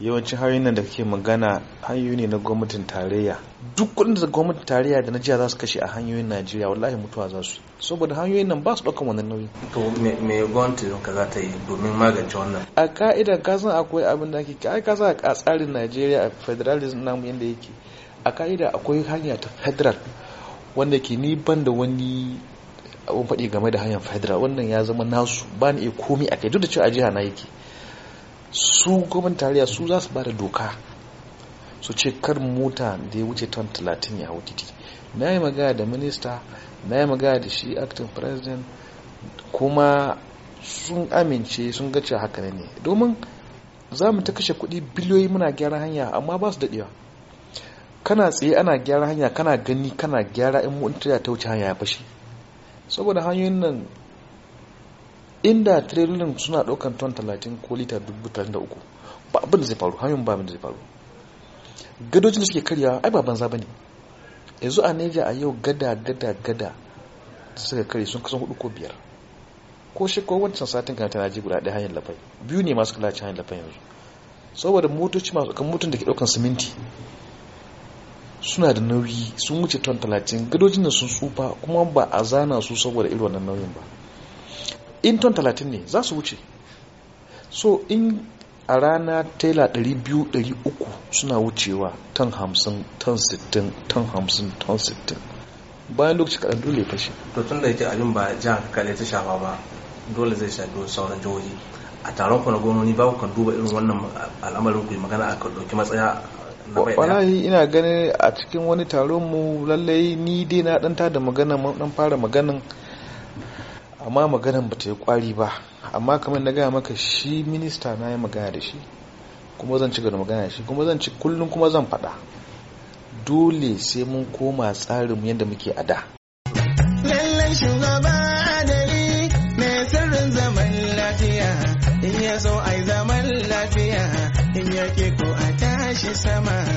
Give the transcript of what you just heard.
yawancin hanyoyin nan da kake magana hanyoyi ne na gwamnatin tarayya duk kudin da gwamnatin tarayya da na jiya za su kashe a hanyoyin najeriya wallahi mutuwa za su saboda hanyoyin nan ba su ɗaukan wannan nauyi to me gwamnati don ka za ta yi domin magance wannan a ka'ida ka san akwai abin da ake kai ka san a tsarin najeriya a federalism namu yanda yake a ka'ida akwai hanya ta federal wanda ke ni ban da wani abin faɗi game da hanyar federal wannan ya zama nasu ba ni iya komi a kai duk da cewa a jiha na yake su gwamnan tarayya su za su bada doka su ce kar mota da ya wuce ton 30 ya hau na yi magana da minista na yi magana da shi acting president kuma sun amince sun gace haka ne domin za mu ta kashe kuɗi biliyoyi muna gyara hanya amma ba su daɗewa kana tsaye ana gyara hanya kana gani kana gyara in mutum ta wuce hanya ya fashe saboda hanyoyin nan inda trailer suna daukan ton 30 ko lita 33 ba abin da zai faru hanyoyin ba abin da zai faru gadojin da suke karya ai ba banza bane yanzu a neja a yau gada gada gada da suka kare sun kasan hudu ko biyar ko shi ko wancan satin kan ta ji guda ɗaya hanyar lafai biyu ne masu kula hanyar lafai yanzu saboda motoci masu kan motun da ke ɗaukan siminti suna da nauyi sun wuce ton talatin gadojin da sun tsufa kuma ba a zana su saboda irin wannan nauyin ba in ton talatin ne za su wuce so in a rana tela 200-300 suna wucewa ton 50 ton 60 ton 50 ton 60 bayan lokaci kaɗan dole fashe to tun da yake abin ba jihar kaɗai ta shafa ba dole zai shafi sauran jihohi a taron ku na gononi ba ku kan duba irin wannan al'amarin ku magana a kan ɗauki matsaya wallahi ina ganin a cikin wani taron mu lallai ni dai na ɗan tada magana mun ɗan fara maganan amma maganan ba ta yi kwari ba amma kamar na gaya maka shi minista na yi magana da shi kuma zan ci gada magana da shi kuma zan ci kullum kuma zan faɗa dole sai mun koma tsarin yadda muke a da lallai shugaba adali mai sirrin zaman lafiya in ya zo ai zaman lafiya in ya ko a tashi sama